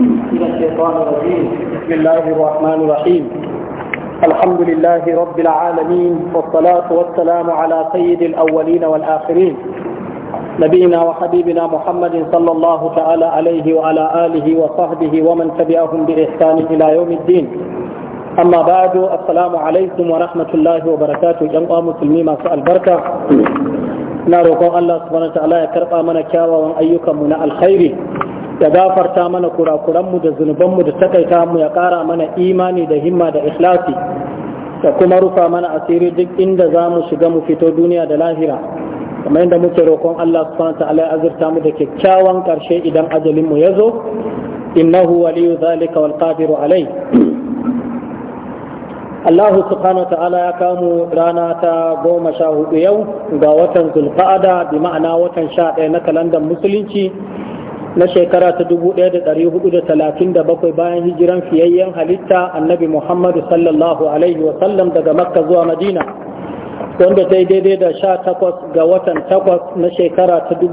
من الشيطان الرجيم بسم الله الرحمن الرحيم الحمد لله رب العالمين والصلاة والسلام على سيد الأولين والآخرين نبينا وحبيبنا محمد صلى الله تعالى عليه وعلى آله وصحبه ومن تبعهم بإحسان إلى يوم الدين أما بعد السلام عليكم ورحمة الله وبركاته جمع مسلمين مع البركة na roƙon Allah subhanahu ta'ala ya karɓa mana kyawawan ayyukanmu na alkhairi ya gafarta mana kurakuranmu da zunubanmu da takaita mu ya kara mana imani da himma da ikhlasi da kuma rufa mana asiri duk inda za mu shiga mu fito duniya da lahira kamar yadda muke roƙon Allah subhanahu ta'ala ya azurta mu da kyakkyawan karshe idan ajalin mu ya zo innahu waliyu zalika wal qadiru alai Allah subhanahu ta'ala ya kamu rana ta goma sha hudu yau ga watan zulqa'ada bi ma'ana watan sha na kalandar musulunci na shekara ta 1437 bayan hijiran fiyayyen halitta annabi Muhammadu sallallahu Alaihi wasallam daga Makka zuwa Madina, wanda ta daidai da sha takwas ga watan takwas na shekara ta da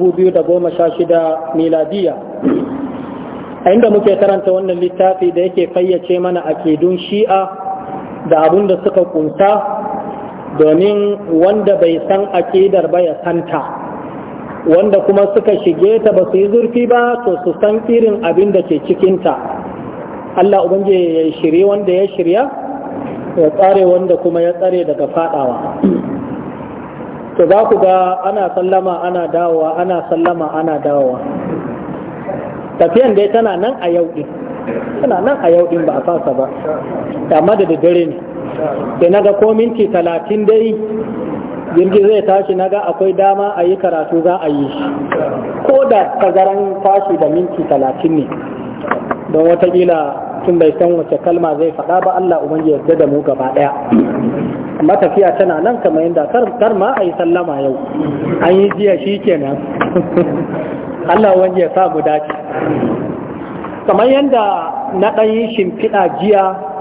goma sha 2016 miladiya. A inda muke karanta wannan littafi da yake fayyace mana a akidun shi'a da abun da suka kunta domin wanda bai san akidar ba ya santa. wanda kuma suka shige ta ba su yi zurfi ba to su san irin abin da ke cikinta Allah ubangiji ya shirye wanda ya shirya ya tsare wanda kuma ya tsare daga fadawa to za ku ga ana sallama ana dawowa ana sallama ana dawowa tafiyan dai tana nan a yau din tana nan a yau din ba a fasa ba amma da dare ne sai na ga ko minti talatin dai jirgi zai tashi na ga akwai dama a yi karatu za a yi ko da tazaran tashi da minti talatin ne don watakila tun bai san wace kalma zai faɗa ba Allah ubangi yarda da mu gaba ɗaya Matafiya tana nan kamar yadda kar ma a yi sallama yau an yi jiya shi kenan Allah ubangi ya sa mu dace kamar yadda na ɗan yi shimfiɗa jiya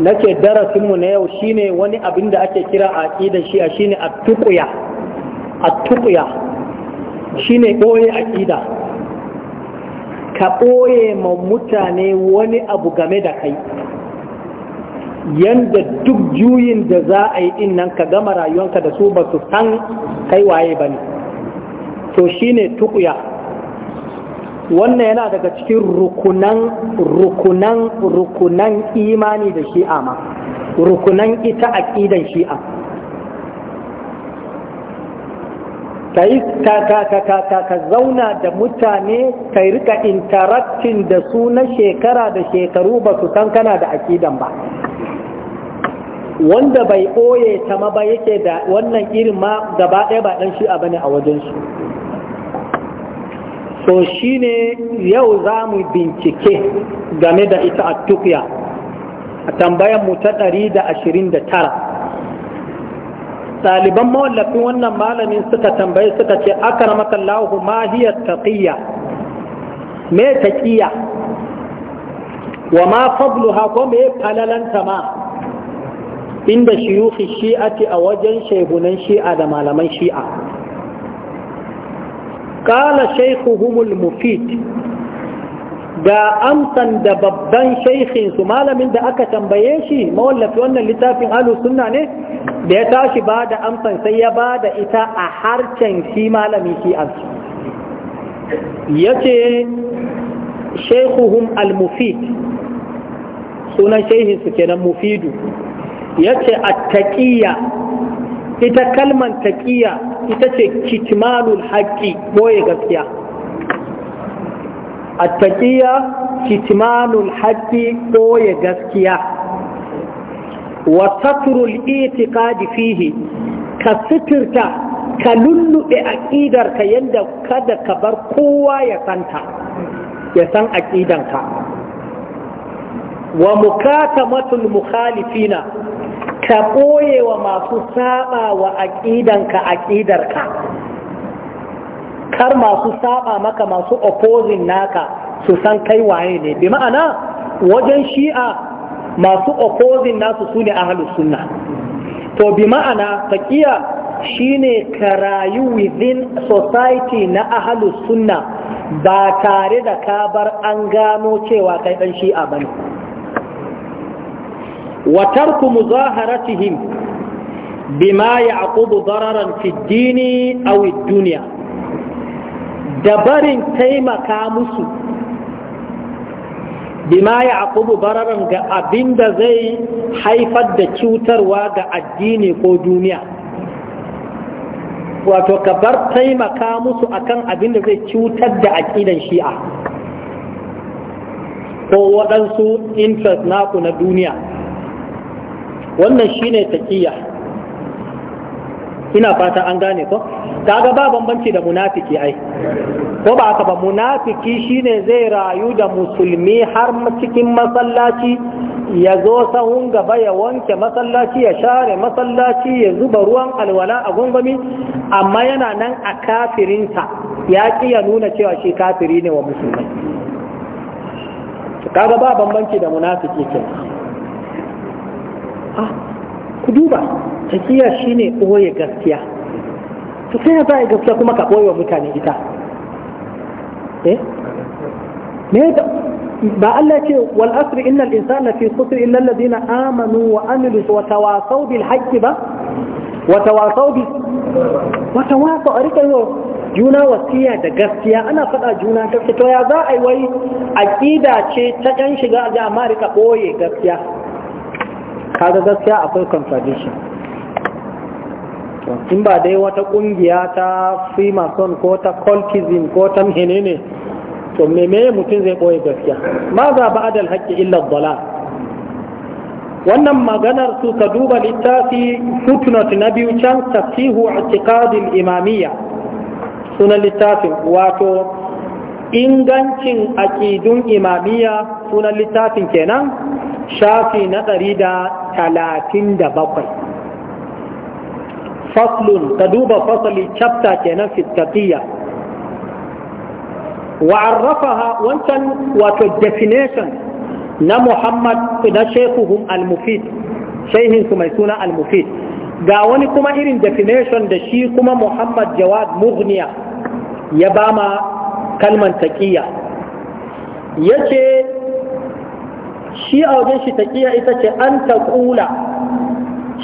nake darasinmu na yau shine wani abin da ake kira aqidan shi a shine at tukuya at-tuqya shine boye aqida ka ɓoye ma mutane wani abu game da kai yanda duk juyin da za a yi din nan ka gama rayuwanka da su ba su san kai waye bane to shine tukuya. wannan yana daga cikin rukunan rukunan rukunan imani da shi'a ma rukunan ita aqidan shi'a ka zauna da mutane ka rika interacting da su na shekara da shekaru ba su san kana da aqidan ba wanda bai ɓoye ta ma ba yake da wannan irin ma gaba ɗaya ba ɗan shi'a bane a wajen su to shine yau za mu bincike game da ita a tukya a tambayar mu ta ɗari da da tara. ɗaliban mawallafin wannan malamin suka tambaye suka ce akaramaka Allahu ma hiya taqiyya me taqiyya wa ma fadluha ko mai falalanta ma inda shiyukhi shi'ati a wajen shehunan shi'a da malaman shi'a ƙala shaikuhumul mufid ga amsan da babban shaikhinsu malamin da aka tambaye shi mawallafi wannan littafin alu sunna ne da ya tashi ba da amsan sai ya ba da ita a harcen shi malami shi an ya ce shaikuhum al-mufid sunan shaihinsu kenan mufidu ya ce a taƙiyya ita kalman taƙiya ita ce kitmanul haƙƙi boye gaskiya attaqiya kitmanul haƙƙi boye gaskiya wa satrul itiqadi fihi ka sitirta ka lullube aqidarka yadda kada ka bar kowa ya santa ya san aqidanka wa mukatamatul mukhalifina ka ɓoye wa masu saba wa aƙidanka aƙidarka kar masu saba maka masu opposing naka su san kai waye ne bi ma'ana wajen shi'a masu opposing nasu su ne ahalus sunna to bi ma'ana taƙiya shine ka rayu within society na ahalus sunna ba tare da ka bar an gano cewa kai ɗan shi'a bane wa tarku muzaharatihim bima ya'qubu dararan fi dini aw ad-dunya da barin taimaka musu bima ya'qubu dararan ga abinda zai haifar da cutarwa ga addini ko duniya wato ka taimaka musu akan abinda zai cutar da aqidan shi'a ko waɗansu interest naku na duniya wannan shine taqiyya ina fata an gane ko kaga ba bambanci da munafiki ai ko ba haka ba munafiki shine zai rayu da musulmi har cikin masallaci ya zo sahun gaba ya wanke masallaci ya share masallaci ya zuba ruwan alwala a gungumi amma yana nan a kafirinsa ya ki ya nuna cewa shi kafiri ne wa musulmai kaga ba bambanci da munafiki kenan a ku duba shi ne ɓoye gaskiya to sai za a gaskiya kuma ka ɓoye wa mutane ita eh ba Allah ce wal asri innal insana fi khusr illa alladhina amanu wa amilu wa tawasaw bil haqqi ba wa tawasaw bi wa tawasaw arika yo juna wasiya da gaskiya ana faɗa juna gaskiya to ya za a yi wai aqida ce ta kan shiga ga amma rika boye gaskiya kaga gaskiya akwai contradiction in ba dai wata kungiya ta freemason ko ta cultism ko ta ne to meme mutum zai ɓoye gaskiya ma za ba adal haƙƙi illa dala wannan maganar su ka duba littafi footnote na biyu can tafsihu i'tiqadil imamiyya sunan littafin wato ingancin aƙidun imamiyya sunan littafin kenan shafi na ɗari da talatin da bakwai faslun ka duba fasali chapter kenan fitkafiya wa arrafaha wancan wato definition na muhammad na shekuhun al-mufid shehinsu mai suna al-mufid ga wani kuma irin definition da shi kuma muhammad jawad mughniya ya bama kalman taƙiyya ya ce shi a wajen shi kiya ita ce an ta ƙula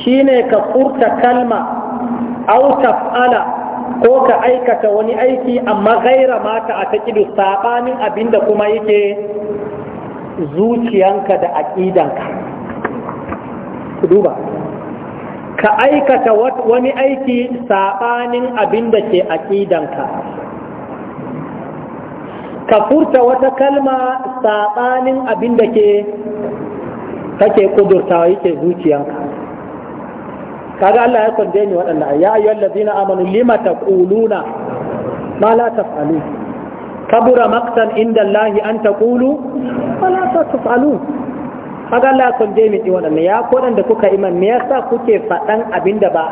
shi ne ka furta kalma au taf'ala ko ka aikata wani aiki amma gaira mata a ta taƙidu saɓanin abinda kuma yake zuciyanka da aƙidanka ku duba ka aikata wani aiki saɓanin abinda ke aƙidanka ka furta wata kalma saɓanin abin da ke kake kudurtawa yake zuciyanka kaga Allah ya kwanje ni waɗanda ya ayyuhal na amanu lima kuluna, ma la Ka kabura maqtan inda Allah an taqulu ma la taf'alun kaga Allah ya kwanje ni waɗanda ya kodan da kuka iman me yasa kuke faɗan abinda ba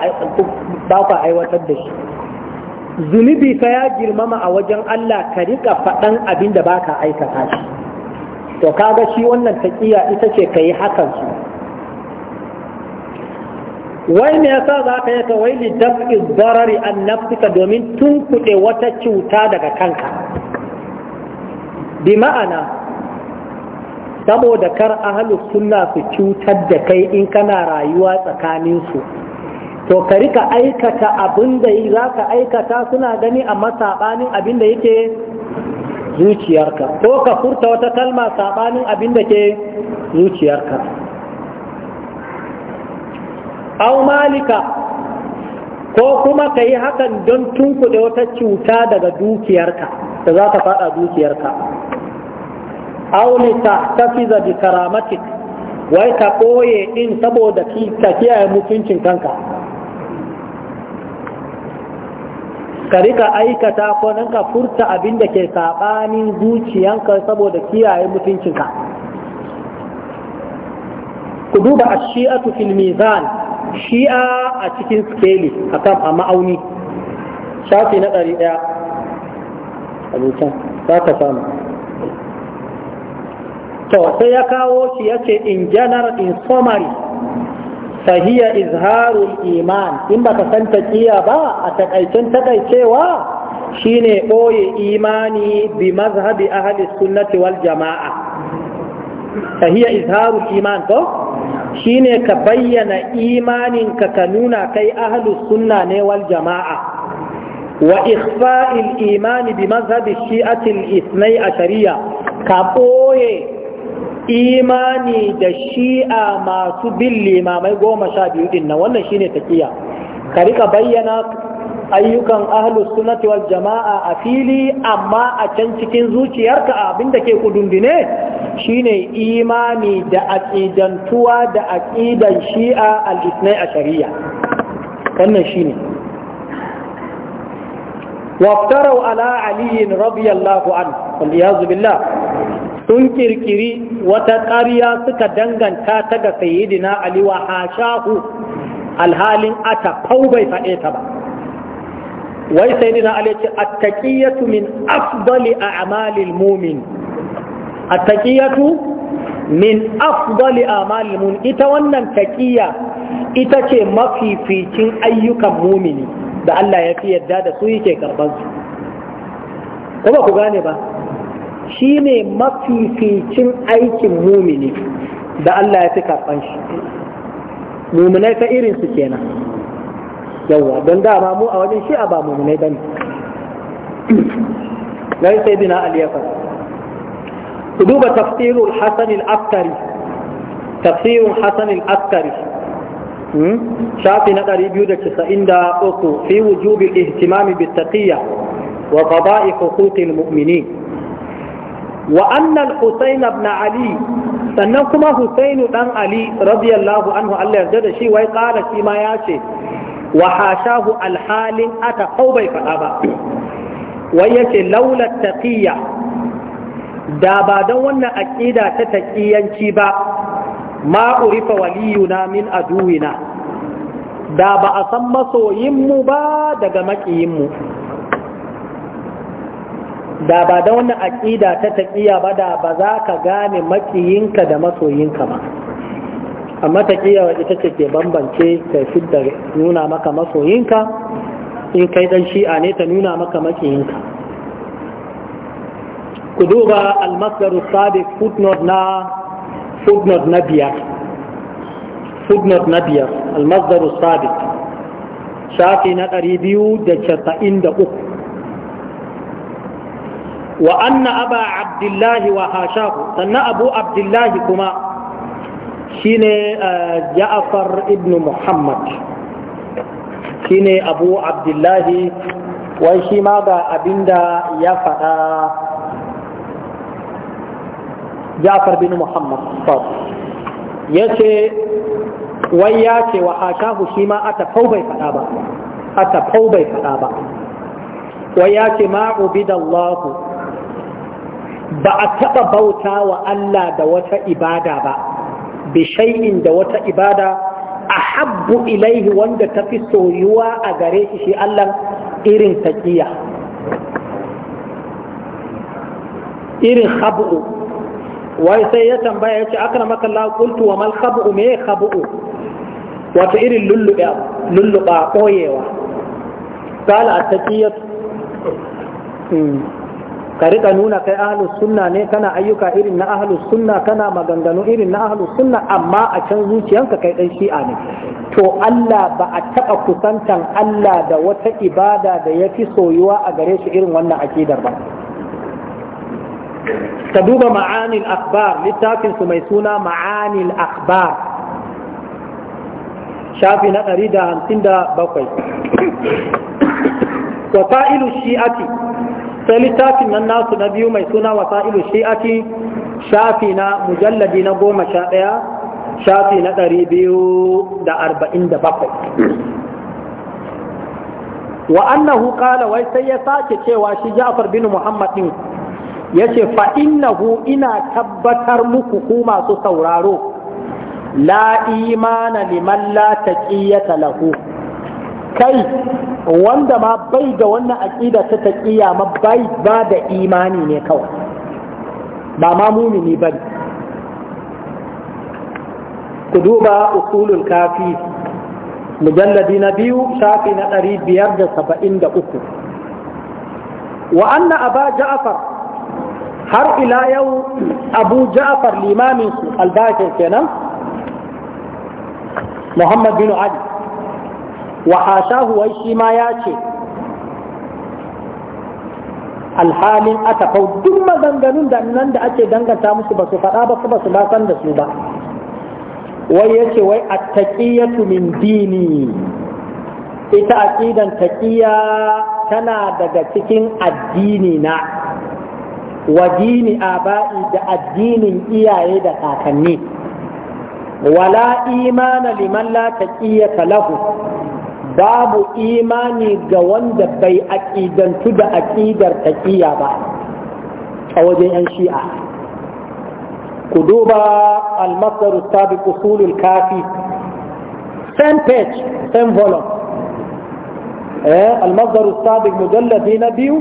ba ku aiwatar da shi zunubi ka ya girmama a wajen Allah ka rika faɗan abin da baka aikata shi to kaga shi wannan taƙiya ita ce ka yi hakan su wai me yasa za ka yi ta wai li daf'i darari an nafsika domin tunkuɗe wata cuta daga kanka bi ma'ana saboda kar ahalus sunna su cutar da kai in kana rayuwa tsakaninsu to ka rika aikata abin da za ka aikata suna gani amma saɓanin abin da yake zuciyarka ko ka furta wata kalma saɓanin abin da ke zuciyarka au malika ko kuma ka yi hakan don tunkuɗe wata cuta daga dukiyarka da za ta faɗa dukiyarka au ta fi zabi karamatik wai ka ɓoye ɗin saboda ta kiyaye mutuncin kanka ka rika aikata ko nan ka furta abin da ke saɓanin zuciyanka saboda kiyaye mutuncinka ku duba a shi'atu tu filmizan shi'a a cikin skeli akan a ma'auni shafi na ɗari ɗaya abincin za ka samu to sai ya kawo shi ya ce in general in summary Sahiya izharul iman in baka san taqiya ba a takaicen takaicewa shine boye imani bi mazhabi ahli sunnati wal jamaa fahiya izharul iman to shine ka bayyana imanin ka ka nuna kai ahli sunna ne wal jamaa wa ikhfa'il imani bi mazhabi shi'ati al a ashariyya ka ɓoye. imani da shi'a masu bin limamai goma sha biyu din nan wannan shine taqiya ka rika bayyana ayyukan ahlus sunnati jama'a a fili amma a can cikin zuciyarka abin da ke kudundune shine imani da aqidantuwa da aƙidan shi'a al a shari'a. wannan shine waftarau ala aliyin Rabyallahu an wal iyaz sun kirkiri wata ƙarya suka danganta ta ga sayidina Ali wa hashahu alhalin ata kau bai faɗe ta ba wai sayidina Ali ce attaqiyatu min afdali a'malil mumin attaqiyatu min afdali a'malil mumin ita wannan taƙiya ita ce mafificin ayyukan mumini da Allah ya fi yadda da su yake karban su kuma ku gane ba Shi shine mafificin aikin mumini da Allah ya fi karɓan shi muminai ta irin su kenan yawwa don dama mu a wajen shi a ba muminai bane lai sai bina aliyafar ku duba tafsirul hasan al-askari tafsirul hasan al-askari hmm? shafi na 293 fi wujubi ihtimami bi taqiyya wa qada'i huquqil mu'minin wa annal Husayn ibn Ali sannan kuma Husainu dan Ali radiyallahu anhu Allah yarda da shi wai ƙara shi ma ya ce wa hashahu alhalin ata ko bai faɗa ba wai yace laula taqiyya da ba don wannan aqida ta taqiyanci ba ma urifa waliyuna min aduwina da ba a san masoyinmu ba daga maƙiyinmu da ba da wannan aƙida ta taƙiya ba da ba za ka gane makiyinka da masoyinka ba amma taƙiya ita ce ke bambance ta da nuna maka masoyinka in kai dan shi'a ne ta nuna maka makiyinka ku duba almasar sabiq footnote na footnote na biyar footnote na biyar almasdar sabiq shafi na uku. wa anna aba abdullahi wa hashahu sannan abu abdullahi kuma shine eh, ja'afar ibn muhammad shine abu abdullahi wai shi ma ga abinda ya faɗa ja'afar bin muhammad ya ce wai ya ce wa hashahu shi ma a fau bai faɗa ba a fau bai faɗa ba wai ya ce ma'ubidallahu ba a taɓa bauta wa Allah da wata ibada ba bi da wata ibada a habbu ilaihi wanda ta fi soyuwa a gare shi shi Allah irin taqiya irin khabu wai sai ya tambaya yace akramaka Allah qultu wa mal khabu me khabu Wata irin lulluɓa lulluɓa koyewa قال التقية ka rika nuna kai ahlus sunna ne kana ayyuka irin na ahlus sunna kana maganganu irin na ahlus sunna amma a can zuciyanka kai dan shi'a ne to Allah ba a taɓa kusantan Allah da wata ibada da ya fi soyuwa a gare shi irin wannan akidar ba ka duba ma'anil akhbar littafin su mai suna ma'anil akhbar shafi na bakwai. wa fa'ilu shi'ati sai littafin nan nasu na biyu mai suna wasa'ilu shi'ati shafi na mujalladi na goma sha ɗaya shafi na ɗari biyu da arba'in da bakwai wa annahu qala wai sai ya sake cewa shi Ja'far bin Muhammad din yace fa innahu ina tabbatar muku ku masu sauraro la imana liman la taqiyata lahu kai wanda ma bai da wannan aƙida ta taƙiya ma bai ba da imani ne kawai ba ma mumini ba ku duba usulul kafi mujalladi na biyu shafi na ɗari biyar da saba'in da uku wa aba ja'far har ila yau abu ja'far limamin su albashir kenan muhammad bin ali wa hashahu wai shi ma ya ce alhalin aka kau duk maganganun da nan da ake danganta musu ba su faɗa ba su ba san da su ba wai yace wai attaqiyatu min dini ita aqidan taqiya tana daga cikin addini na wa dini aba'i da addinin iyaye da kakanni wala imana liman la taqiyata lahu babu imani ga wanda bai aƙidantu da aƙidar taƙiya ba a wajen 'yan shi'a ku duba almasar sabi usulul kafi same page same volume eh almasar sabi mujalladi na biyu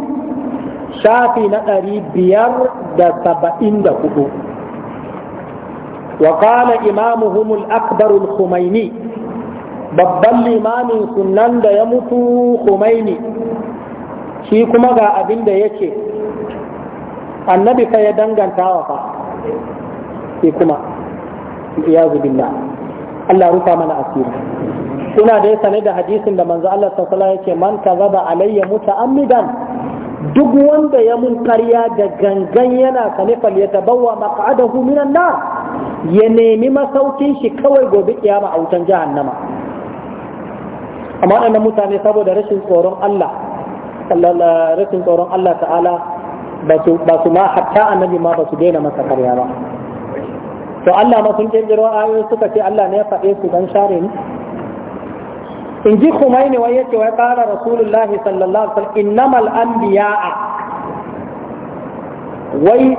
shafi na ɗari biyar da saba'in da hudu وقال إمامهم الأكبر الخميني babban limamin sunan da ya mutu Khomeini shi kuma ga abin da yake annabi fa ya danganta wa fa shi kuma ya billah Allah rufa mana asiri kuna dai sane da hadisin da manzo Allah sallallahu alaihi wasallam yake man zaba alayya muta'ammidan duk wanda ya mun karya da gangan yana sane fal yatabawwa maq'adahu minan nar ya nemi masaukin shi kawai gobe kiyama a wutan jahannama amma waɗannan mutane saboda rashin tsoron Allah rashin tsoron Allah ta'ala ba su ma hatta annabi ma ba su daina masa karya ba to Allah ma sun kirkiro ayoyi suka ce Allah ne ya faɗe su dan share ni in ji Khumaini wai yake wai qala Rasulullahi sallallahu alaihi wasallam innamal anbiya'a wai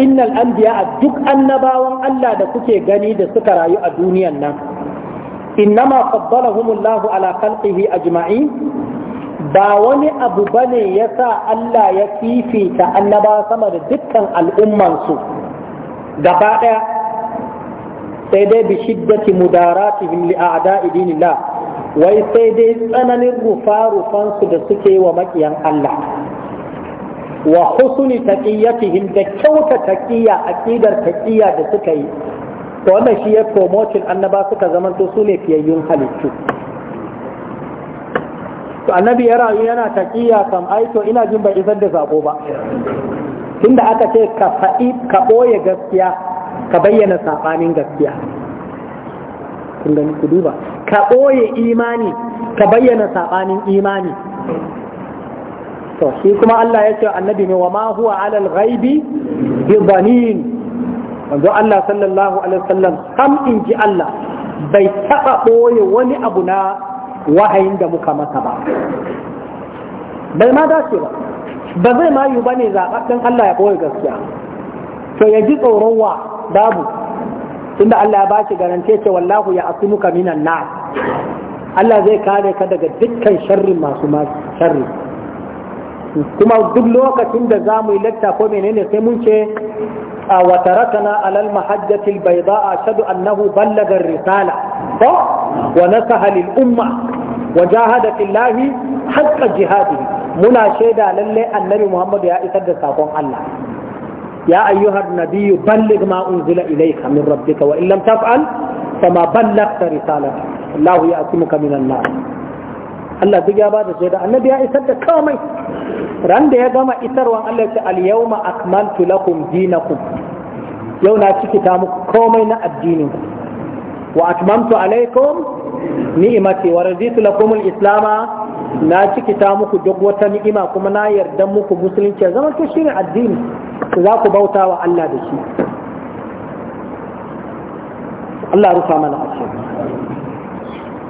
innal anbiya'a duk annabawan Allah da kuke gani da suka rayu a duniyan nan innama faddalahumullahu ala a jima'i? ba wani abu bane yasa Allah ya fifita annaba sama da dukkan al'ummansu gaba ɗaya sai dai bi shiddati mudaratihim li a'da'i dinillah wai sai dai tsananin rufa rufansu da suke wa makiyan Allah wa husni taqiyatihim da kyauta taqiya aqidar taqiya da suka yi to wannan shi ya promotin annaba suka zamanto su ne fiyayyun halittu to annabi ya rayu yana taqiya kam aito ina jin bai isar da sako ba tunda aka ce ka faɗi ka ɓoye gaskiya ka bayyana saɓanin gaskiya kun gani ku duba ka ɓoye imani ka bayyana saɓanin imani to shi kuma Allah ya ce annabi ne wa ma huwa alal ghaibi bi dhanin wanzu Allah sallallahu alaihi wasallam kam in ji Allah bai taɓa ɓoye wani abu na wahayin da muka masa ba bai ma dace ba ba zai ma yi ba ne zaɓaɓɓen Allah ya ɓoye gaskiya to ya ji tsoron wa babu tunda Allah ya bashi garance ce wallahu ya muka minan na Allah zai kare ka daga dukkan sharrin masu sharri kuma duk lokacin da za mu yi latta ko menene sai mun ce a watarakana alal mahajjatil bayda a shaɗu annahu ballaga risala ko wa na lil umma wa jahada fillahi jihadi muna shaida lallai annabi muhammad ya isar da sakon Allah ya ayyuhar nabiyyu balligh ma unzila ilayka min rabbika wa in lam taf'al fama ballaghta risalata Allah ya asimuka minan nar Allah duk ya bada shaida annabi ya isar da komai ran da ya gama isarwan Allah ya ce al yawma akmaltu lakum dinakum yau na ta muku komai na addinin wa atmamtu alaikum ni'imati wa raditu lakum al-islama na ta muku duk wata ni'ima kuma na yarda muku musulunci zama to shine addini za ku bauta wa Allah da shi Allah rufa mana asiri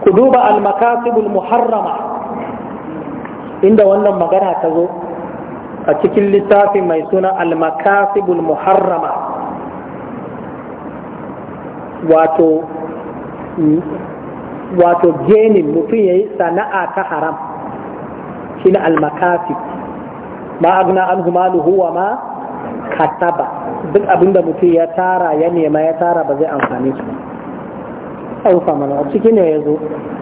ku duba al-makasibul muharrama inda wannan magana ta zo a cikin littafi mai suna al-makasibul muharrama wato wato genin mutum ya yi sana'a ta haram shi ne almakasib ma agna an humaluhu wa ma kataba duk abinda mutum ya tara ya nema ya tara ba zai amfani su ɗauka mana a ciki ne ya zo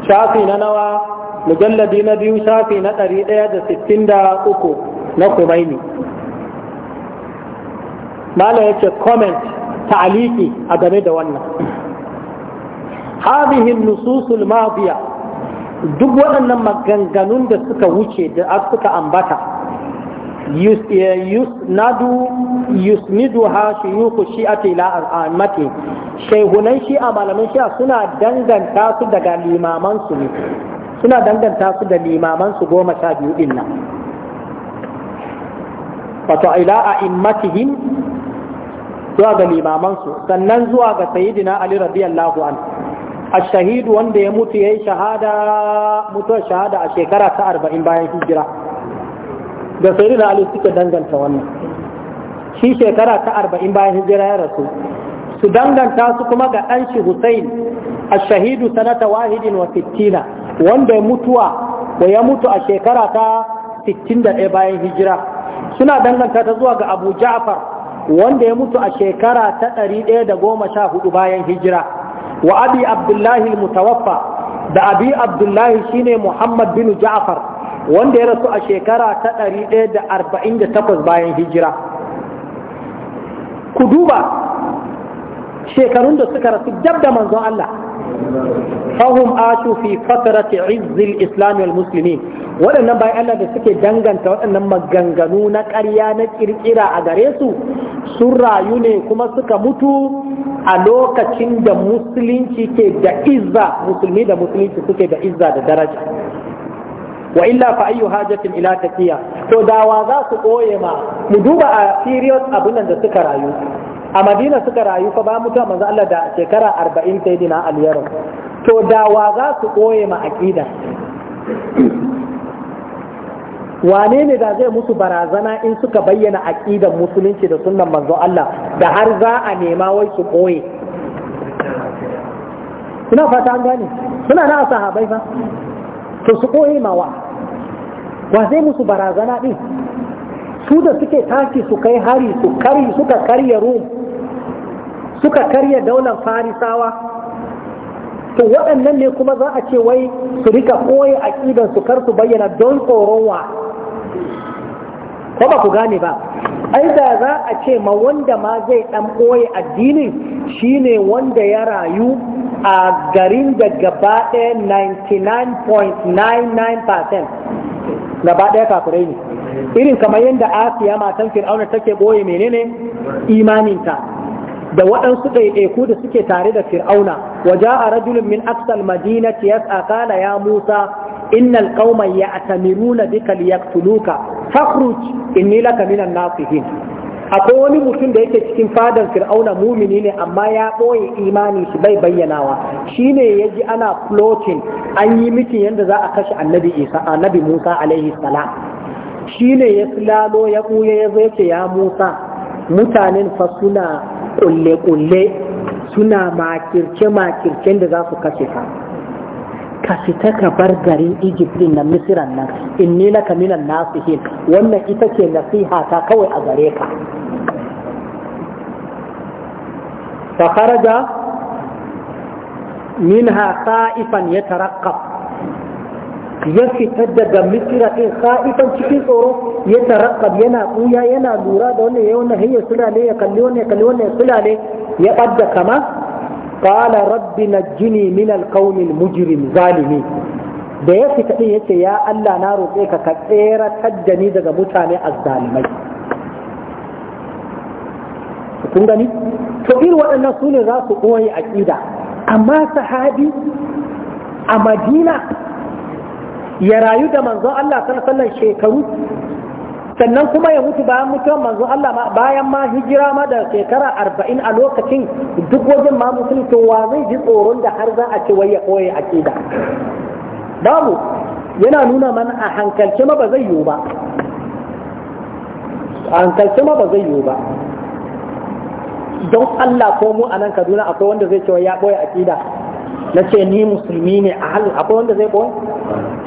shafi na nawa mujalladi na biyu shafi na ɗari ɗaya da sittin da uku na kumaini mala ya ce comment ta'aliki a game da wannan hadihin nususul mafiya duk waɗannan maganganun da suka wuce da suka ambata Eh, yusnadu yusniduha shuyukhu shi'ati ila al'amati a shi'a malaman shi'a suna danganta su daga limaman su ne suna danganta su da limaman su goma sha biyu din nan wato ila a'immatihim zuwa ga limaman su sannan zuwa ga sayyidina ali radiyallahu anhu الشهيد وان ده يموت يهي شهادة متوى شهادة الشيكرة arba'in باين هجرة da sai na ali suke danganta wannan shi shekara ta arba'in bayan hijira ya rasu su danganta su kuma ga ɗan shi Hussein a shahidu sanata wahidin wa sittina wanda ya mutuwa da ya mutu a shekara ta 61 bayan hijira suna danganta ta zuwa ga Abu Ja'far wanda ya mutu a shekara ta 114 bayan hijira wa abi Abdullahi mutawaffa da abi Abdullahi shine Muhammad bin Ja'far wanda ya rasu a shekara ta 148 bayan hijira ku duba shekarun da suka rasu dab da manzon Allah fahum ashu fi fatarati izzil islam wal muslimin waɗannan bayan Allah da suke danganta waɗannan maganganu na ƙarya na ƙirƙira a gare su sun rayu ne kuma suka mutu a lokacin da musulunci ke da izza musulmi da musulunci suke da izza da daraja wa illa fa ayyu hajatin ila tafiya, to da wa za su koye ma mu duba a serious abin da suka rayu a madina suka rayu fa ba mutuwa manzo Allah da shekara 40 sai dina aliyaru to da wa za su koye ma aqida wane ne da zai musu barazana in suka bayyana aqidan musulunci da sunnan manzo Allah da har za a nema wai su koye ina fata an gane suna na sahabai fa to su koyi mawa wa zai musu barazana din su da suke tashi su kai hari su kari suka karya rum suka karya daular farisawa to waɗannan ne kuma za a ce wai su rika koyi a su kar su bayyana don tsoron wa ko ba ku gane ba ai da za a ce ma wanda ma zai ɗan koyi addinin shine wanda ya rayu a garin da gaba ɗaya 99.99% gaba ɗaya kafirai ne irin kamar yadda asiya matan fir'auna take ɓoye menene imaninta da waɗansu ɗaiɗaiku da suke tare da fir'auna waje a rajulun min aksal ce ya tsakala ya musa innal qauma ya'tamiruna bika liyaktuluka fakhruj inni laka minan nasihin akwai wani mutum da yake cikin fadar fir'auna mumini ne amma ya ɓoye imani su bai bayyanawa shine ya ji ana floating an yi mitin yadda za a kashe annabi isa annabi musa alaihi Shi ne ya silalo ya buya ya zo yake ya musa mutanen fa suna ƙulle kulle suna makirce-makircen da za su kashe ka ka fita ka bar garin Egypt din na Misiran nan inni la minan nasihin wannan ita ce nasiha ta kawai a gare ka fa kharaja minha khaifan yataraqqab ya fita daga Misira ɗin sa'ifan cikin tsoro ya taraqqab yana kuya yana lura da wannan ya wannan hayya sulale ya kalli wannan ya kalli wannan ya sulale ya ɓadda kama qala rabbi najjini min alqawmil mujrim zalimi da ya fita din yace ya Allah na roƙe ka ka tsera tajjani daga mutane azzalimai kun gani to irin waɗannan su ne za su ɓoye aƙida amma sahabi a madina ya rayu da manzon Allah sallallahu shekaru sannan kuma ya mutu bayan mutuwan manzo Allah ma bayan ma hijira ma da shekara arba'in a lokacin duk wajen ma musulmi wa zai ji tsoron da har za a ce wai ya a akida babu yana nuna mana a hankalce ma ba zai yiwu ba a hankalce ma ba zai yiwu ba don Allah ko mu a nan Kaduna akwai wanda zai ce ya a akida na ce ni musulmi ne a halin akwai wanda zai boye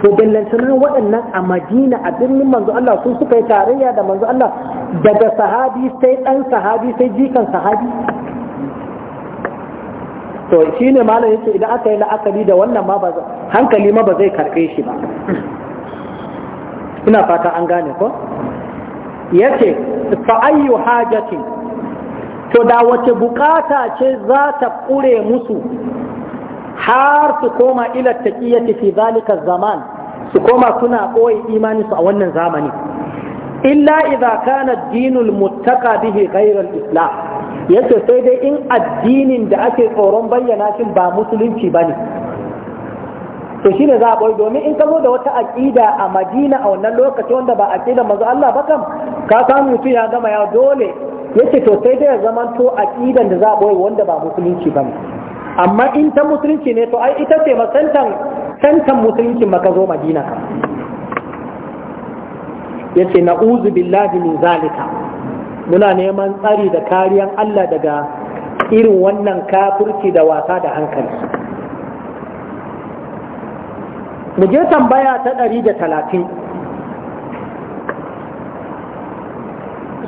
to bellantana waɗannan a madina a birnin manzo Allah sun suka yi tarayya da manzo Allah daga sahabi sai ɗan sahabi sai jikan sahabi to shi ne malam yake idan aka yi la'akari da wannan ma ba hankali ma ba zai karɓe shi ba ina fata an gane ko ce, fa ayyu hajatin to da wace bukata ce za ta ƙure musu har su koma ila taqiyati fi zalika zaman su koma suna koyi imani su a wannan zamani illa idza kana dinul muttaqa bihi ghayra islam yace sai dai in addinin da ake tsoron bayyana shi ba musulunci bane to shine za a koyi domin in ka zo da wata aqida a Madina a wannan lokaci wanda ba aqida manzo Allah ba kam ka samu mutum ya gama ya dole yace to sai dai ya zamanto aqidan da za a koyi wanda ba musulunci bane amma in ta musulunci ne to ai ita ce ma santan musulunci maka zo madina ka yace na'uzu billahi min zalika muna neman tsari da kariyan Allah daga irin wannan kafirci da wasa da hankali mu je tambaya ta ɗari da talatin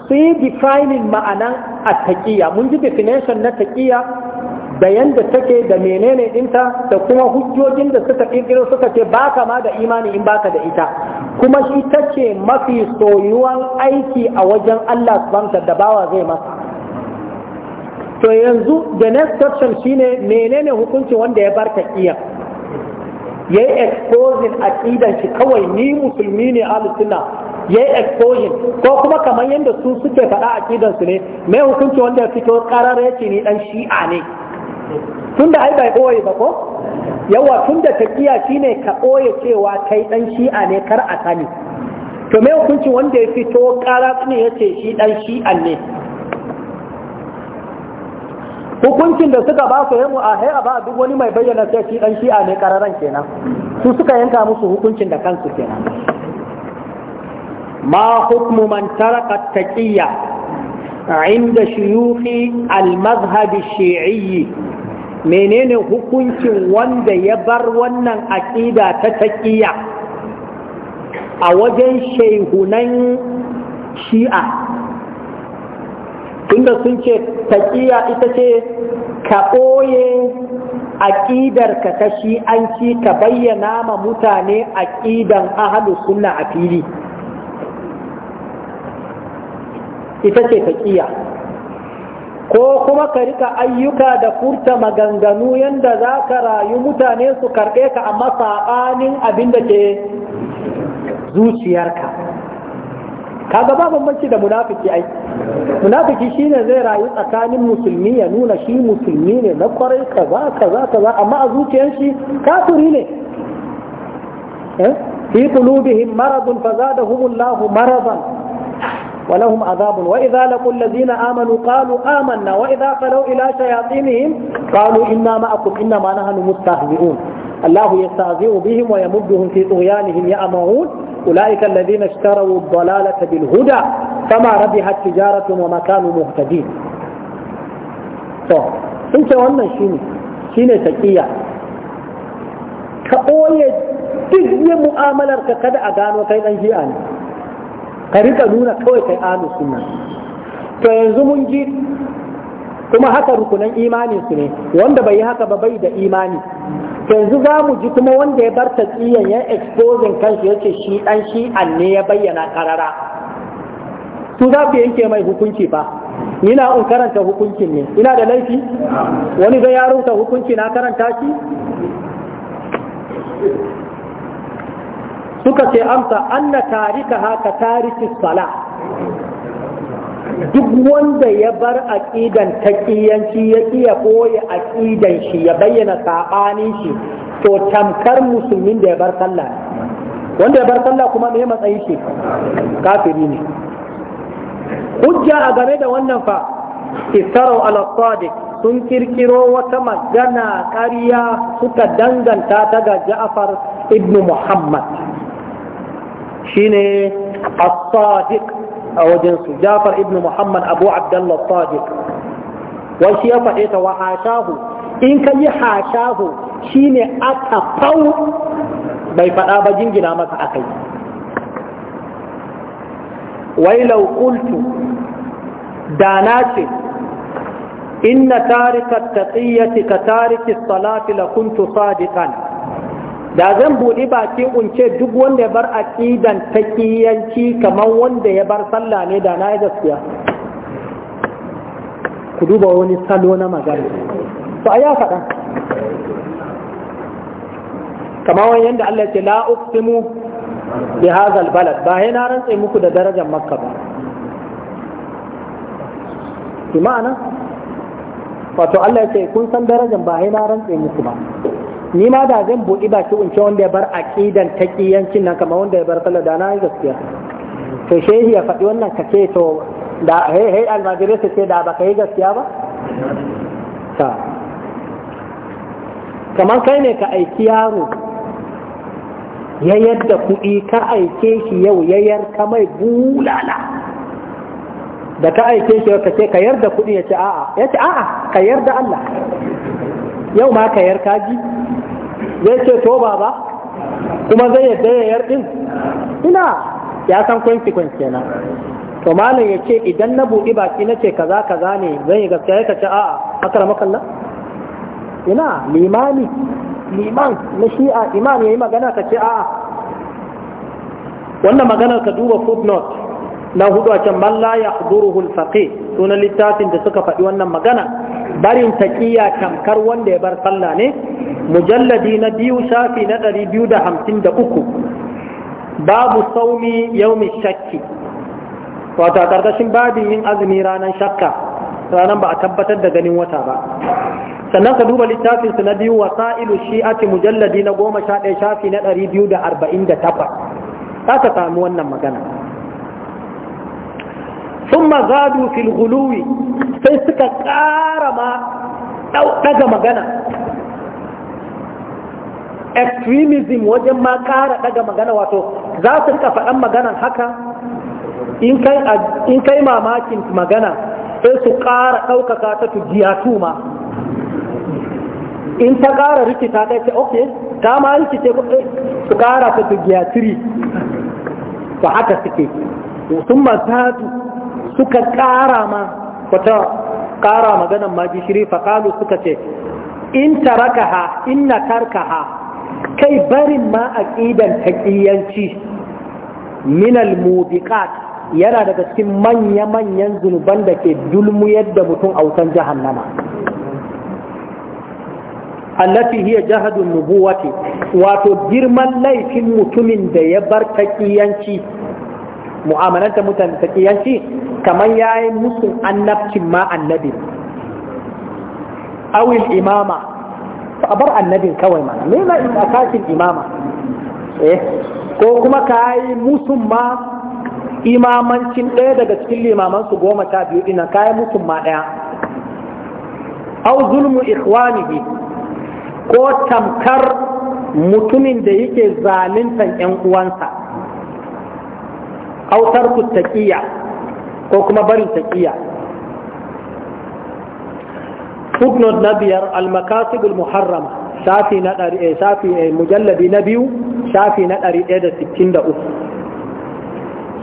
su yi defining ma'anan a taƙiya mun ji definition na taƙiya da yanda take da menene dinta da kuma hujjojin da suka kirkiro suka ce baka ma da imani in baka da ita kuma shi ce mafi soyuwan aiki a wajen Allah subhanahu da bawa zai masa to yanzu the next question shine menene hukuncin wanda ya barka iya yi exposing aqidan shi kawai ni musulmi ne ahlus sunna ya yi exposure ko kuma kamar yadda su suke faɗa a su ne mai hukunci wanda ya fito karar ya ni ɗan shi'a ne tunda ai bai ɓoye ba ko yawa tunda tafiya shine ka koye cewa kai dan shi'a ne kar a sani to me hukunci wanda ya fito ƙara ne yace shi dan shi'a ne hukuncin da suka ba su yamu a haya ba duk wani mai bayyana sai shi dan shi'a ne kararan kenan su suka yanka musu hukuncin da kansu kenan ma hukmu man taraka taqiyya inda shuyukhi al-madhhab shi'i menene hukuncin wanda ya bar wannan aƙida ta taƙiya a wajen shehunan shi'a inda sun ce taƙiya ita ce ka ɓoye aƙidarka ta shi'anci ka bayyana ma mutane aƙidan ahalus sunna a fili ita ce taƙiya ko kuma ka rika ayyuka da furta maganganu yadda za ka rayu mutane su karɓe ka a saɓanin abin da ke zuciyarka ka gaba bambanci da munafiki ai munafiki shine zai rayu tsakanin musulmi ya nuna shi musulmi ne na kwarai kaza kaza kaza amma a zuciyar shi kafiri ne eh? fi qulubihim maradun lahu maradan ولهم عذاب وإذا لقوا الذين آمنوا قالوا آمنا وإذا خلوا إلى شياطينهم قالوا إنا معكم إنما نحن مستهزئون الله يستهزئ بهم ويمدهم في طغيانهم يأمرون أولئك الذين اشتروا الضلالة بالهدى فما ربحت تجارتهم وما كانوا مهتدين انت وانا شيني شيني shine shine taqiya ka ɓoye duk mu'amalar ka ka rika nuna kawai kai alu sunna to yanzu mun ji kuma haka rukunan imani su ne wanda bai yi haka ba bai da imani yanzu za mu ji kuma wanda ya bar taqiyan ya exposin kanshi yace shi dan shi anne ya bayyana karara su za ku yanke mai hukunci ba, ina in karanta hukuncin ne ina da laifi wani ga ya hukunci na karanta shi suka ce amsa anna tarika haka tariki sala duk wanda ya bar aqidan taqiyanci ya iya koya aqidan shi ya bayyana sabanin shi to tamkar musulmin da ya bar sallah wanda ya bar sallah kuma me matsayin shi kafiri ne hujja a game da wannan fa istarau ala sadiq sun kirkiro wata magana ƙarya suka danganta ta ga Ja'far ibnu Muhammad shine as-sadiq a wajen su Jafar ibn Muhammad Abu Abdullah as-sadiq ya faɗe ta wa hashahu in ka yi hashahu shine aka fau bai faɗa ba jingina masa akai wai law da na ce inna tarika at-taqiyyati ka tariki as-salati la kuntu sadiqan da zan buɗi bakin unce duk wanda ya bar aƙidan ta kamar wanda ya bar sallah ne da na gaskiya ku duba wani salo na magana to a ya faɗa kamar wani yadda Allah ce la uqsimu bi hazal balad ba na rantse muku da darajar makka ba ki ma'ana wato Allah ya ce kun san darajar ba na rantse muku ba ni ma da zan buɗi baki unce wanda ya bar aqidan taqiyancin nan kamar wanda ya bar kala da na yi gaskiya to shehi ya faɗi wannan ka ce to da hey hey almajirai su ce da ba ka yi gaskiya ba ta kamar kai ne ka aiki yaro ya yadda kuɗi ka aike shi yau ya yarka mai bulala da ka aike shi ka ce ka yarda kuɗi ya ce a'a ya ce a'a ka yarda Allah yau ma ka yarka ji zai ce to baba kuma zai yadda ya din ina ya san kwanci kenan to malam ya ce idan na buɗi baki na ce kaza kaza ne zan yi gaskiya ka ce a'a akara makalla ina limani liman na shi'a imam ya yi magana ka ce a'a wannan maganar ka duba footnote na hudu a can man la yahduruhu al-faqih sunan littafin da suka faɗi wannan magana barin taqiya tamkar wanda ya bar sallah ne mujalladi na biyu shafi na ɗari biyu da hamsin da uku babu saumi yaumi shakki wato a ƙarƙashin babin yin azumi ranar shakka ranar ba a tabbatar da ganin wata ba sannan ka duba littafin su na biyu wasa'ilu shi'ati mujalladi na goma sha ɗaya shafi na ɗari biyu da arba'in da takwas za ka samu wannan magana sun mazadu fil sai suka kara ma ɗaga magana extremism wajen ma kara ɗaga magana wato za su rika faɗan magana haka in kai mamakin magana sai su kara ɗaukaka ta tujiyatu ma in ta kara rikita ɗaya ce ok ta ma rikice su ƙara ta tujiyatiri ba haka suke sun mazadu suka ƙara ma wata ƙara maganan ma faƙalu suka ce in ha in na tarkaha kai barin ma a ƙidan taƙiyanci. Minal mubiqat yana daga cikin manya-manyan zunuban da ke dulmu yadda mutum a wutan jahannama allati hiya jahadun nubuwati wato girman laifin mutumin da ya bar taƙiyanci mu'amalanta mutane ta kiyanci kamar ya yi musu annabcin ma annabi awil imama a bar annabin kawai ma ne nema a sashin imama eh ko kuma ka yi musu ma imamancin ɗaya daga cikin limaman su goma sha biyu ɗina ka yi musu ma ɗaya au zulmu ikhwanihi ko tamkar mutumin da yake zalintan 'yan uwansa au tarku taqiya ko kuma barin taqiya footnote na biyar al-makasibul shafi na ɗari eh shafi eh mujalladi na biyu shafi na ɗari ɗaya da sittin da uku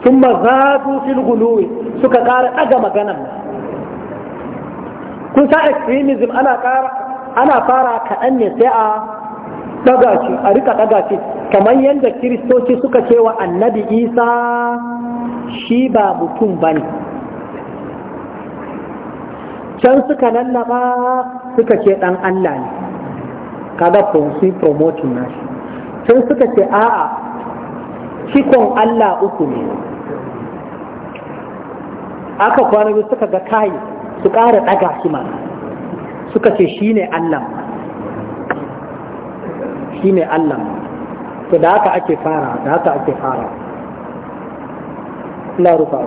thumma zafu fil ghuluwi suka ƙara ɗaga maganan kun sa extremism ana ƙara ana fara kaɗan ne sai a ɗaga shi a rika ɗaga shi kamar yadda kiristoci suka ce wa annabi isa shi ba mutum ba ne can suka lallaba suka ce ɗan Allah ne kaga sun promoting na shi can suka ce a'a cikon Allah uku ne aka kwana biyu suka ga kai su ƙara ɗaga shi ma suka ce shi ne Allah shi ne Allah to da haka ake fara da haka ake fara larufa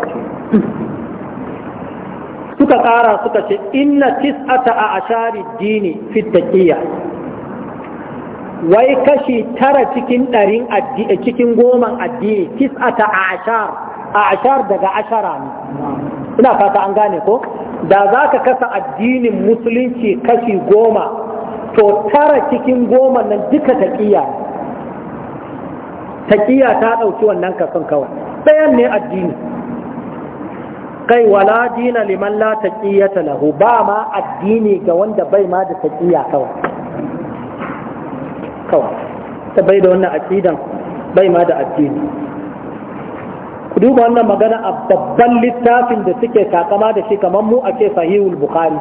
suka ƙara suka ce inna tis'ata a ashari dini fitakiyya wai kashi tara cikin ɗarin cikin goma addini tis'ata a ashar a ashar daga ashara ne ina fata an gane ko da za ka kasa addinin musulunci kashi goma to tara cikin goma nan duka taƙiya taƙiya ta ɗauki wannan kasan kawai ɗayan ne addini kai wala dina liman la taqiyata lahu ba ma addini ga wanda bai ma da taqiya kawai kawai ta bai da wannan aqidan bai ma da addini ku duba wannan magana a babban littafin da suke kakama da shi kamar mu ake sahihul bukhari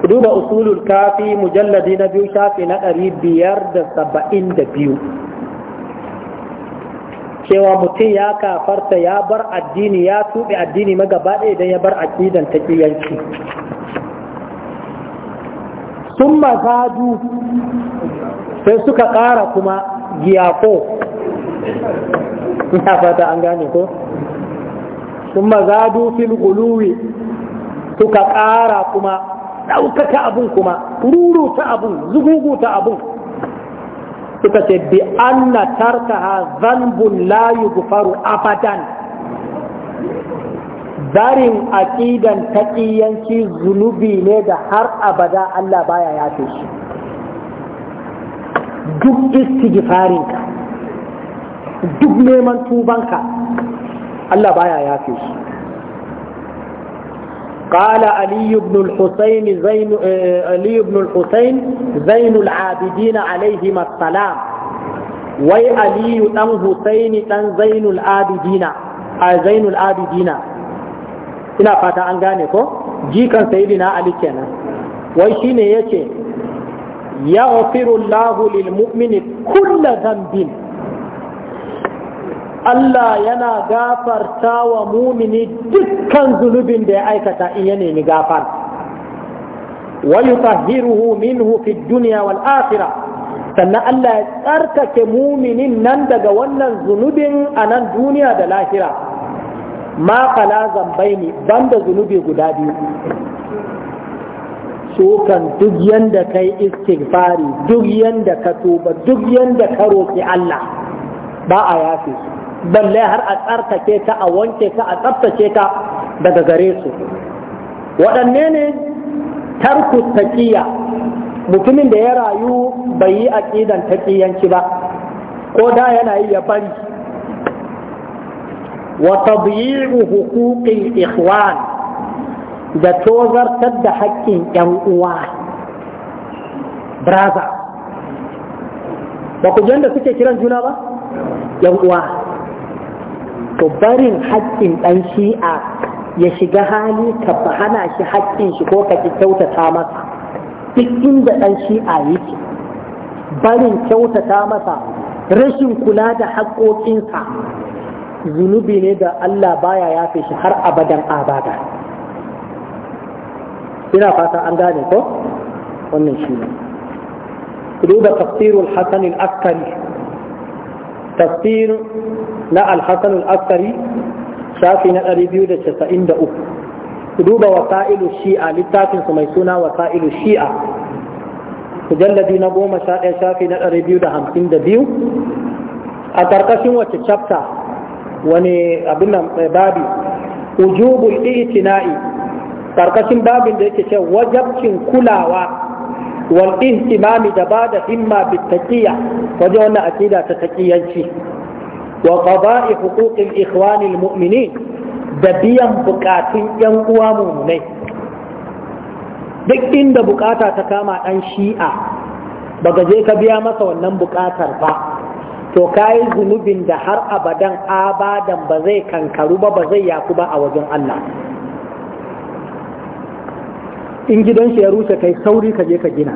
ku duba usulul kafi mujalladi na biyu shafi na ɗari biyar da saba'in da biyu cewa mutum ya kafarta ya bar addini ya tuɓe addini magaba ɗaya idan ya bar aƙidan ta ƙiyanci sun mazadu sai suka ƙara kuma giyako ina fata an gane ko sun mazadu fil guluwi suka ƙara kuma ɗaukaka abin kuma ruruta abin ta abin suka ce bi anna ha zanbun la gufaru abadan barin aƙidan taƙiyanci zunubi ne da har abada Allah baya fi shi duk istighfarinka duk neman tubanka Allah baya fi shi قال علي بن الحسين زين علي بن الحسين زين العابدين عليهما السلام وي علي دان حسين دان زين العابدين زين العابدين ina fata an gane ko jikan sayyidina ali kenan wai shine yace yaghfiru Allahu lil mu'mini kullu dhanbin Allah yana gafarta wa mumini dukkan zunubin da ya aikata in ya nemi gafar wa yutahhiruhu minhu fi dunya wal akhirah sannan Allah ya tsarkake muminin nan daga wannan zunubin a nan duniya da lahira ma kala zambaini banda zunubi guda biyu sukan duk yanda kai istighfari duk yanda ka tuba duk yanda ka roƙi Allah ba a yafe balle har a tsarkake ka a wanke ka a tsaftace ka daga gare su waɗanne ne tarku taƙiya mutumin da ya rayu bai yi aƙidan taƙiyanci ba ko da yana yi ya bari wa tadyi'u huquqil ikhwan da tozartar da haƙƙin ‘yan uwa braza ba ku da suke kiran juna ba ‘yan uwa to barin haƙƙin ɗan shi'a ya shiga hali ka hana shi haƙƙin shi ko ka kyautata masa duk inda ɗan shi'a yake barin kyautata masa rashin kula da haƙƙoƙinsa zunubi ne da Allah baya yafe shi har abadan abada ina fata an gane ko wannan shi ne duba tafsirul hasan al-askari tafsir na alhassan al'askari shafi na 293 ku duba wasa'ilu shi'a littafinsu mai suna wasa'ilu shi'a mujalladi na goma sha shafi na ɗari biyu da hamsin da biyu a ƙarƙashin wace chapter wani abin nan babi ujubul itina'i ƙarƙashin babin da yake ce wajabcin kulawa wal imami da ba da himma bi wajen wannan akida ta taqiyanci wa qada'i huquqil ikhwanil mu'minin da biyan bukatun yan uwa mu'minai duk inda buƙata ta kama ɗan shi'a ga je ka biya masa wannan buƙatar ba to kayi zunubin da har abadan abadan ba zai kankaru ba ba zai yaku ba a wajen Allah in gidan shi ya rushe kai sauri ka je ka gina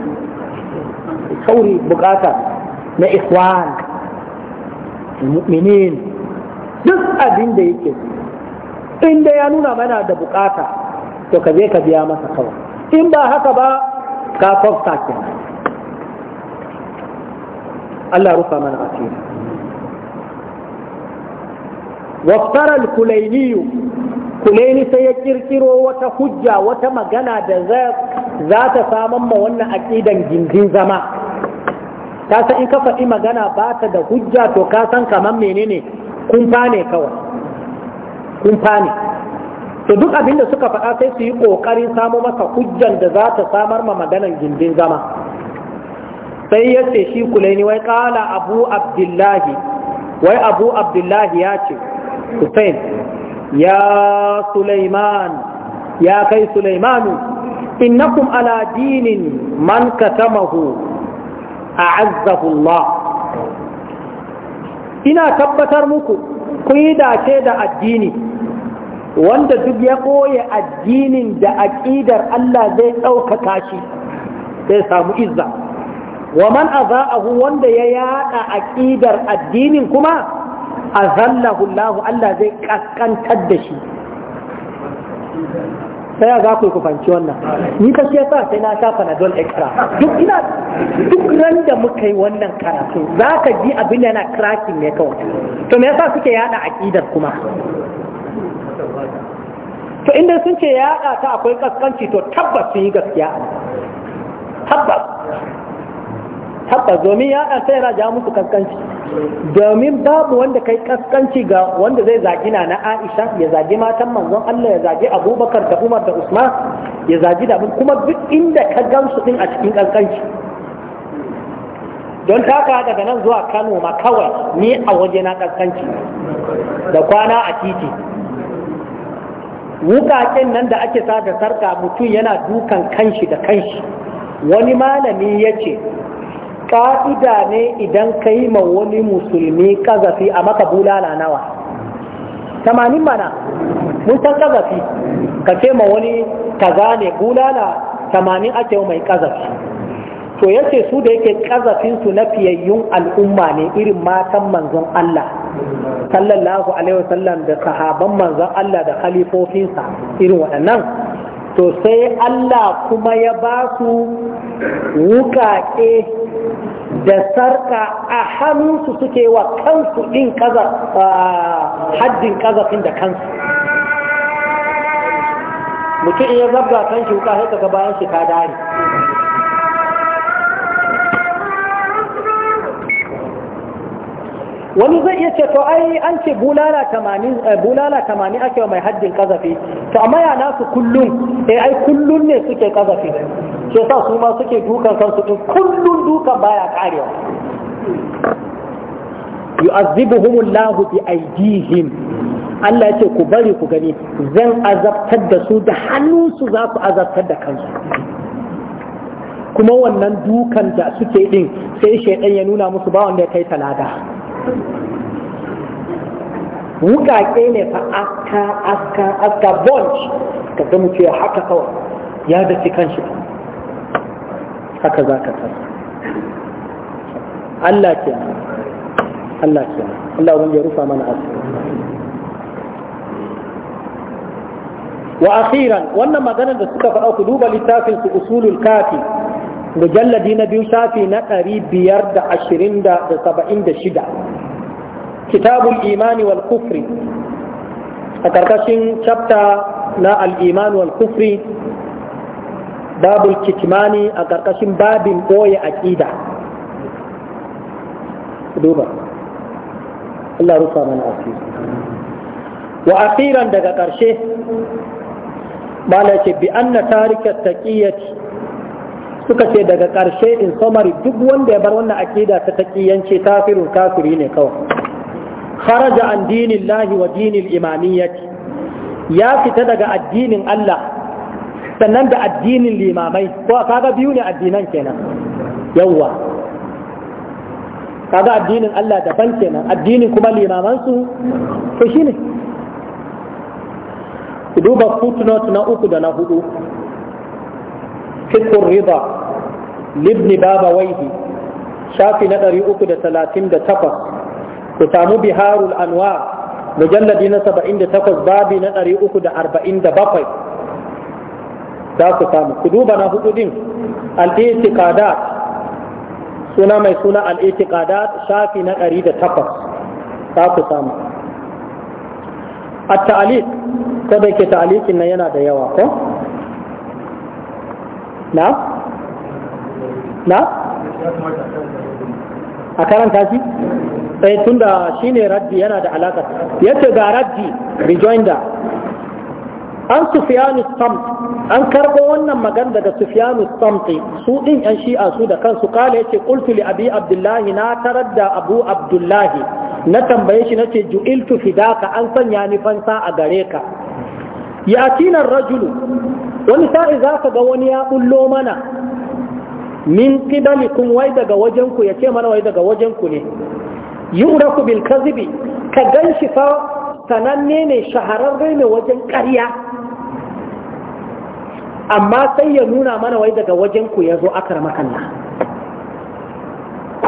sauri bukata na ikwan mu'minin duk abin da yake inda ya nuna mana da bukata to ka je ka biya masa kawai in ba haka ba ka fafta ke Allah rufa mana asiri واختار الكليني kuleni sai ya ƙirƙiro wata hujja wata magana da za ta saman ma wannan aƙidan gindin zama ta san in ka faɗi magana ba ta da hujja to ka san kamar menene kumfa ne kawai kumfa ne to duk abinda suka faɗa sai su yi ƙoƙarin samo masa hujjan da za ta samar ma maganan gindin zama sai ya ce shi kuleni wai ƙala abu abdullahi wai abu abdullahi ya ce Hussein ya Sulaiman ya kai Sulaimanu innakum ala dinin man katamahu a'azzahu Allah ina tabbatar muku ku yi dace da addini wanda duk ya ɓoye addinin da aƙidar Allah zai ɗaukaka shi zai samu izza wa man aza'ahu wanda ya yaɗa aƙidar addinin kuma azallahu hulahu Allah zai kaskantar da shi sai za ku ku fanci wannan ni ta ce sa sai na sha panadol extra duk ina duk ran da muka yi wannan karatu za ka ji abin yana cracking ne kawai to me yasa suke yada aqidar kuma to inda sun ce yada ta akwai kaskanci to tabbas sun yi gaskiya tabbas tabbas domin ya ɗansa yana ja musu kaskanci domin babu wanda kai kaskanci ga wanda zai zagi na na Aisha ya zagi matan manzon Allah ya zagi Abubakar da Umar da Usman ya zagi da kuma duk inda ka gansu din a cikin kaskanci don taka daga nan zuwa Kano ma kawai ni a waje na kaskanci da kwana a titi wukaken nan da ake sa da sarka mutum yana dukan kanshi da kanshi wani malami ya ce ka'ida ne idan ka yi ma wani musulmi kazafi a maka bulala nawa tamanin mana mun san kazafi ka ce ma wani kaza ne bulala tamanin ake mai kazafi to yace su da yake kazafinsu na fiyayyun al'umma ne irin matan manzon Allah sallallahu alaihi wasallam da sahaban manzon Allah da khalifofinsa irin waɗannan to sai Allah kuma ya ba su wukaƙe da sarka a hannunsu suke wa kansu ɗin haddin ƙazafin da kansu mutum iya zabga kan shi wuka haika ga bayan shi ka dare wani zai iya ce to ai an ce eh, bulala tamanin ake wa mai haddin ƙazafi to amma ya nasu kullum eh, ai kullum ne suke ƙazafi ke sa su ma suke dukan kansu din kullun dukan baya karewa yu'azzibuhumullahu bi aydihim Allah ce ku bari ku gani zan azabtar da su da hannunsu za su azabtar da kansu kuma wannan dukan da suke din sai shaidan ya nuna musu ba wanda ya kai talada wukake ne fa aska aska aska bunch ka ga haka kawai ya dace kanshi haka za ka tsara Allah ya rufa mana asiri wa akhiran wannan maganar da suka faɗa ku duba littafin su usulul kafi mujalladi na biyu shafi na ɗari biyar da ashirin da saba'in da shida kitabul imani kufri a karkashin chapter na al-iman wal kufri babul kitmani a ƙarƙashin babin ɓoye aƙida duba Allah rufa mana asiri wa akhiran daga ƙarshe malace bi anna tarikat taqiyati suka ce daga ƙarshe in somari duk wanda ya bar wannan aƙida ta taƙiyance kafirun kafiri ne kawai kharaja an dinillahi wa dinin imaniyati ya fita daga addinin Allah sannan da addinin limamai ko kaga biyu ne addinan kenan yawwa kaga addinin Allah daban kenan addinin kuma limamansu to shine ku duba footnote na uku da na hudu fiqh rida libni baba waihi shafi na 338 ku samu biharul anwar mujalladi na 78 babi na 347 za su samu ku duba na hudu din al-i'tiqadat suna mai suna al-i'tiqadat shafi na 108 za ku samu at-ta'liq ko da ke ta'liqin nan yana da yawa ko na na a karanta shi sai eh, tunda shine raddi yana da alaka yace ga raddi rejoinder an sufiyanu samt an karɓo wannan magan daga sufiyanu samti su ɗin yan shi'a su da kansu kala yace qultu li abi abdullahi na tarar da abu abdullahi na tambaye shi nace ju'iltu fidaka an sanya ni fansa a gare ka yatina rajulu wani sa'i za ka ga wani ya bullo mana min qibalikum wai daga wajen ku yace mana wai daga wajen ku ne yuraku bil kadhibi ka ganshi fa sananne ne shahararre ne wajen ƙarya amma sai ya nuna mana wai daga wajen ku ya zo akar makalla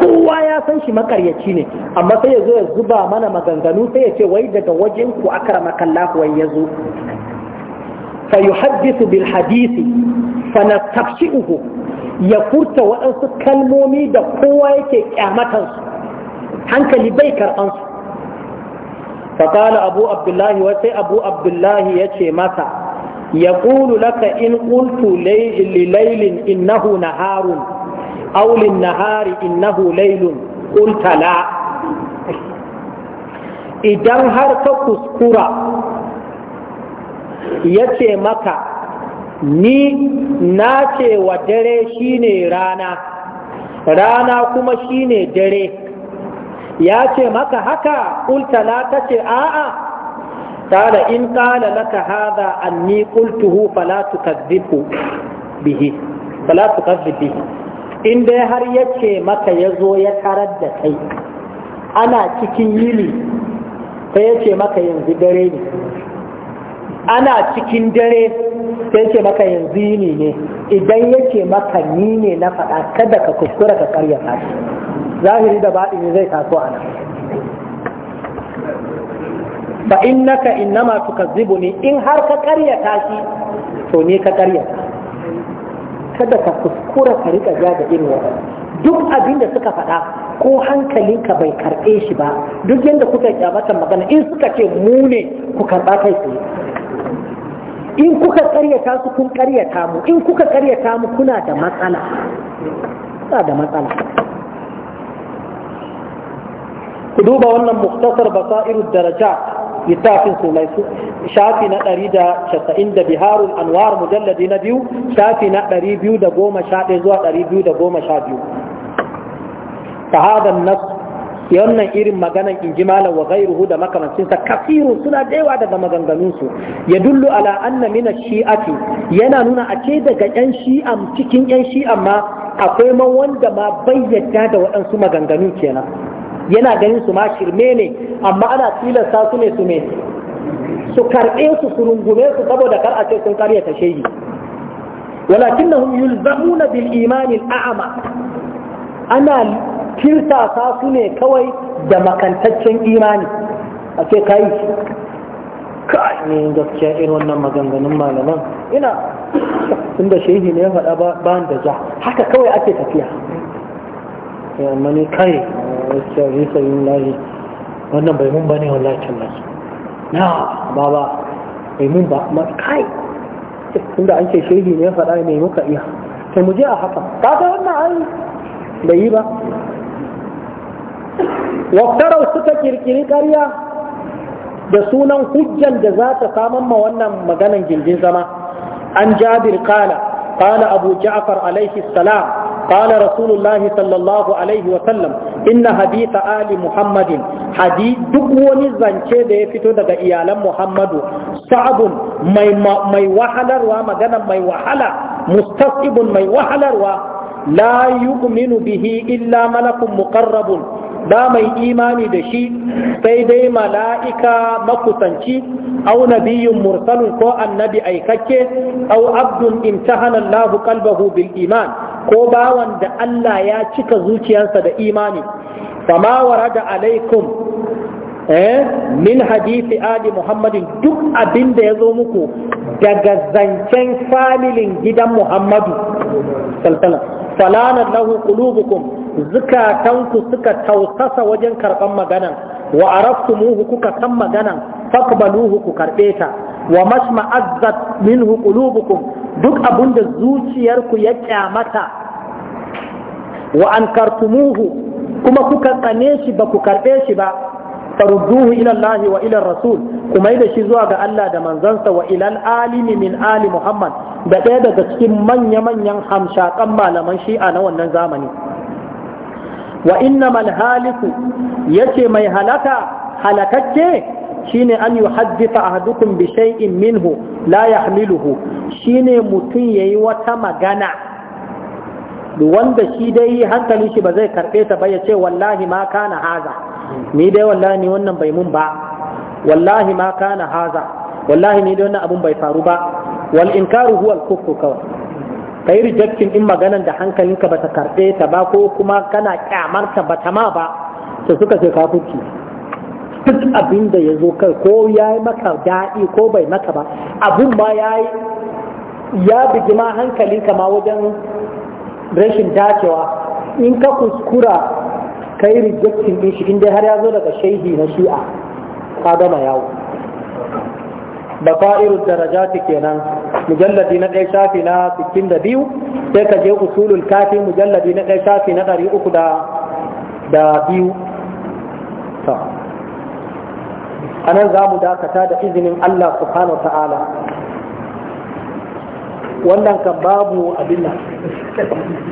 kowa ya san shi makaryaci ne amma sai ya zo ya zuba mana maganganu sai ya ce wai daga wajen ku akar makalla wai ya zo fa bil hadisi fa uku, ya furta waɗansu kalmomi da kowa yake kyamatansu hankali bai karɓansu فقال أبو عبد الله وسي أبو عبد الله يتي مسا Ya yaqulu laka in qultu li laylin innahu naharun aw lin nahari innahu laylun qulta idan har ka kuskura yace maka ni na ce wa dare shine rana rana kuma shine dare ya ce maka haka ƙultala ta a'a qala in qala laka hadha anni qultuhu fala tukadhibu bihi fala tukadhib bihi in dai har yace maka yazo ya tarar da kai ana cikin yini sai yace maka yanzu dare ne ana cikin dare sai yace maka yanzu yini ne idan yace maka ni ne na faɗa kada ka kuskura ka karya zahiri da baɗini zai taso a fa innaka innama tukazzibuni in har ka karyata shi to ne ka karyata kada ka kuskura ka rika ja da irin wannan duk abin da suka faɗa ko hankalinka bai karɓe shi ba duk yadda kuka kyamata magana in suka ce mu ne ku karɓa kai tsaye in kuka karyata su kun karyata mu in kuka karyata mu kuna da matsala kuna da matsala ku duba wannan muktasar basairu daraja littafin su mai su shafi na ɗari da casa'in da biharul anwar mujalladi na biyu shafi na ɗari biyu da goma sha ɗaya zuwa ɗari biyu da goma sha biyu fahadan nas wannan irin maganan in ji malam wa ghairuhu da makamancinsa kafirun suna da yawa daga maganganunsu ya dullu ala anna min shi'ati yana nuna a ce daga yan shi'an cikin yan Shi'a ma akwai man wanda ma bayyana da waɗansu maganganun kenan yana ganin su ma shirme ne amma ana tilasta su ne su ne su karɓe su su rungume su saboda kar a ce sun karyata shehi walakinnahum yulzamuna bil imani a'ama ana tilasta su ne kawai da makantaccen imani a ce kai kai ne gaskiya irin wannan maganganun malaman ina inda shehi ne ya faɗa ba da ja haka kawai ake tafiya eh, amma ne kai gaskiya zai sayi lahi wannan bai mun ba wallahi tallahi na ba ba bai mun ba ma kai tunda an ce shehi ne ya faɗa ne muka iya to mu je a haka ka ga wannan ai bai yi ba waktarau suka kirkiri ƙarya da sunan hujjan da za ta saman ma wannan maganan gindin zama an jabir kala kala abu ja'far alaihi salam قال رسول الله صلى الله عليه وسلم إن حديث آل محمد حديث دقوني زنشي دي فتو دقا إيالا محمد صعب مي, مي وحلر ومغانا مي وحلر مستصعب مي وحلر و لا يؤمن به إلا ملك مقرب ba mai imani da shi sai dai mala'ika makusanci au nabiyun mursalun ko annabi aikakke au abdun imtahana Allahu qalbahu bil iman ko bawan da Allah ya cika zuciyarsa da imani fama warada alaikum eh min hadisi ali muhammadin duk abin da ya zo muku daga zancen familin gidan muhammadu falanar lahu qulubukum zukatanku suka tausasa wajen karban maganan wa araftumuhu kuka san maganan faqbaluhu ku karɓe ta wa masma'azzat minhu qulubukum duk abin da zuciyarku ya kyamata wa an kartumuhu kuma kuka tsane shi ba ku karɓe shi ba farudduhu ila Allah wa ila Rasul kuma da shi zuwa ga Allah da manzansa wa ilal alimi min ali Muhammad da ɗaya daga cikin manya-manyan hamshaƙan malaman shi'a na wannan zamani wa inna haliku yace mai halaka halakakke shine an a ahadukum bi in minhu la ya yahmiluhu shine mutum ya yi wata magana wanda shi dai hankali shi ba zai karɓe ta ba ya ce wallahi ma kana haza ni dai wallahi ni wannan bai mun ba wallahi ma kana haza wallahi ni dai wannan abun bai faru ba wal inkaru huwa al kufru kawai kai rejectin in maganan da hankalinka ba ta karɓe ta ba ko kuma kana kyamarta ba ta ma ba to suka ce kafirci duk abin da ya zo kai ko ya yi maka daɗi ko bai maka ba abin ma ya yi ya bigi ma hankali kama wajen rashin dacewa in ka kuskura ka yi rejectin ɗin shi inda har ya zo daga shaidi na shi'a ka gama yawo da fa'iru darajati kenan mujalladi na ɗaya shafi na 62 sai ka je usulul kafi mujalladi na ɗaya shafi na 300 da biyu a nan za mu dakata da izinin Allah subhanahu ta'ala wannan kan babu abin nan